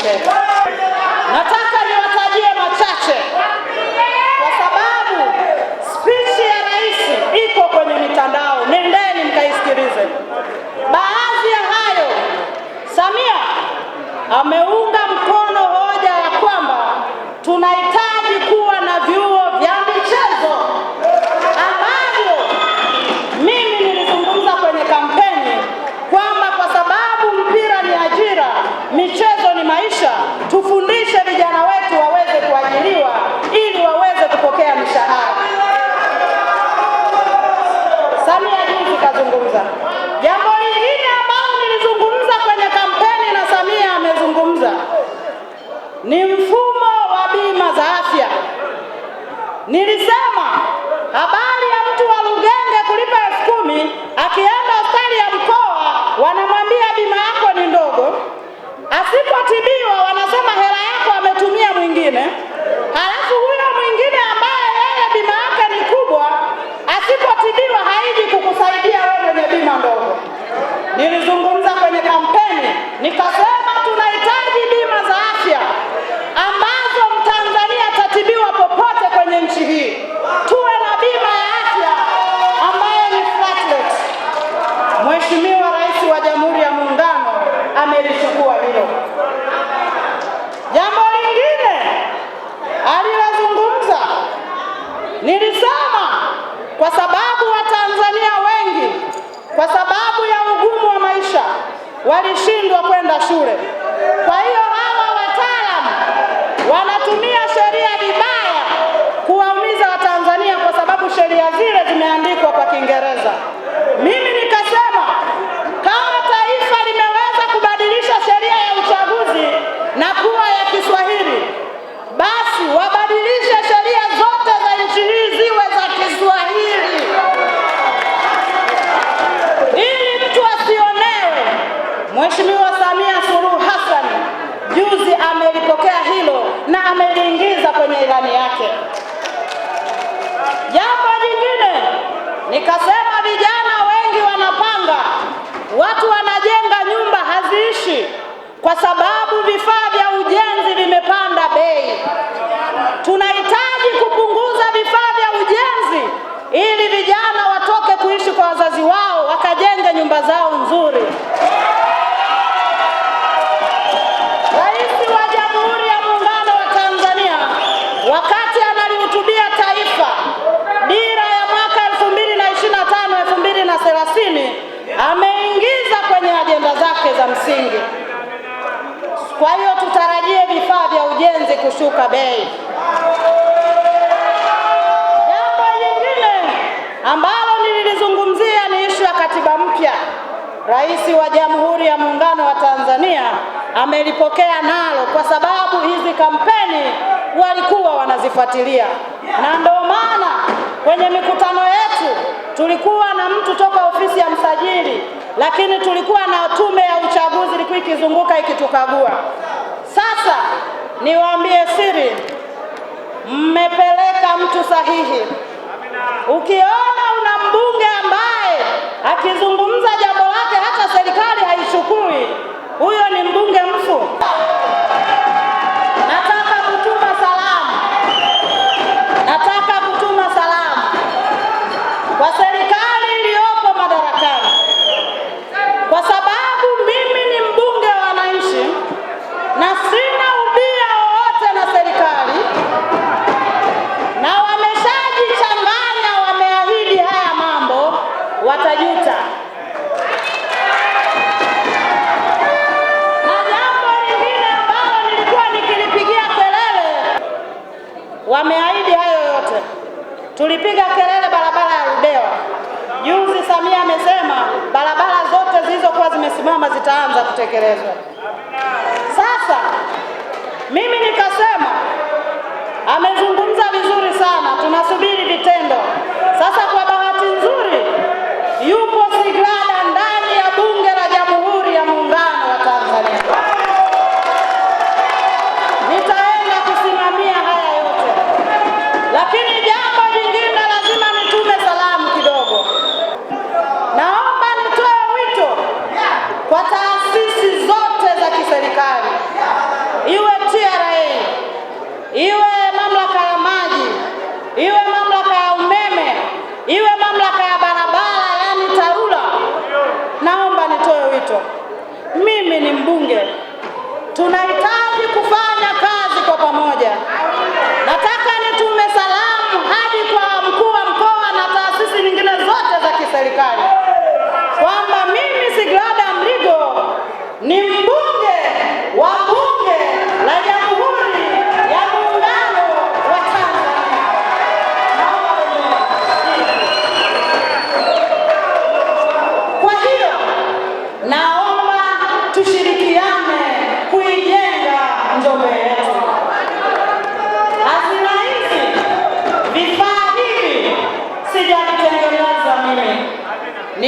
mbele. Nataka niwatajie machache, kwa sababu spichi ya rais iko kwenye mitandao, nendeni mkaisikilize. Baadhi ya hayo Samia ame Nilisema habari ya mtu wa Lugenge kulipa elfu kumi akienda hospitali ya mkoa, wanamwambia bima yako ni ndogo. Asipotibiwa wanasema hela yako ametumia mwingine, halafu huyo mwingine ambaye yeye bima yake ni kubwa, asipotibiwa haiji kukusaidia wewe mwenye bima ndogo. Nilizungumza kwenye kampeni nikasema tunaita kwenye nchi hii. Tuwe na bima ya afya ambayo ni flatlet. Mheshimiwa Rais wa Jamhuri ya Muungano amelichukua hilo. Jambo lingine alilozungumza nilisema, kwa sababu Watanzania wengi kwa sababu ya ugumu wa maisha walishindwa kwenda shule, kwa hiyo hawa wataalamu wanatumia Kingereza. wananchi, kwa sababu vifaa vya ujenzi vimepanda bei. Tunahitaji kupunguza vifaa vya ujenzi ili vijana watoke kuishi kwa wazazi wao wakajenge nyumba zao nzuri. Rais wa Jamhuri ya Muungano wa Tanzania wakati analihutubia taifa dira ya Kwa hiyo tutarajie vifaa vya ujenzi kushuka bei. Jambo lingine ambalo nililizungumzia ni ishu ya katiba mpya. Rais wa Jamhuri ya Muungano wa Tanzania amelipokea nalo, kwa sababu hizi kampeni walikuwa wanazifuatilia, na ndio maana kwenye mikutano yetu tulikuwa na mtu toka lakini tulikuwa na tume ya uchaguzi ilikuwa ikizunguka ikitukagua. Sasa niwaambie siri, mmepeleka mtu sahihi. Ukiona una mbunge ambaye akizungumza Tulipiga kelele barabara ya Ludewa juzi, Samia amesema barabara zote zilizokuwa zimesimama zitaanza kutekelezwa. Sasa mimi nikasema amezungumza vizuri sana, tunasubiri vitendo. Sasa kwa bahati nzuri yupo mimi ni mbunge tunahitaji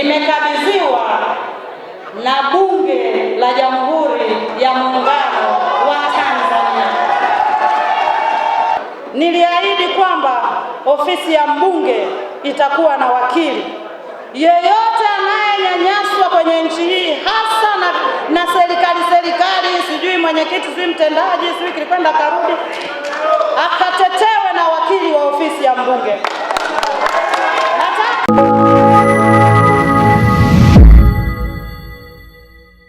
nimekabidhiwa na Bunge la Jamhuri ya Muungano wa Tanzania. Niliahidi kwamba ofisi ya mbunge itakuwa na wakili. Yeyote anayenyanyaswa kwenye nchi hii hasa na, na serikali serikali, sijui mwenyekiti, sijui mtendaji, sijui kilikwenda karudi, akatetewe na wakili wa ofisi ya mbunge.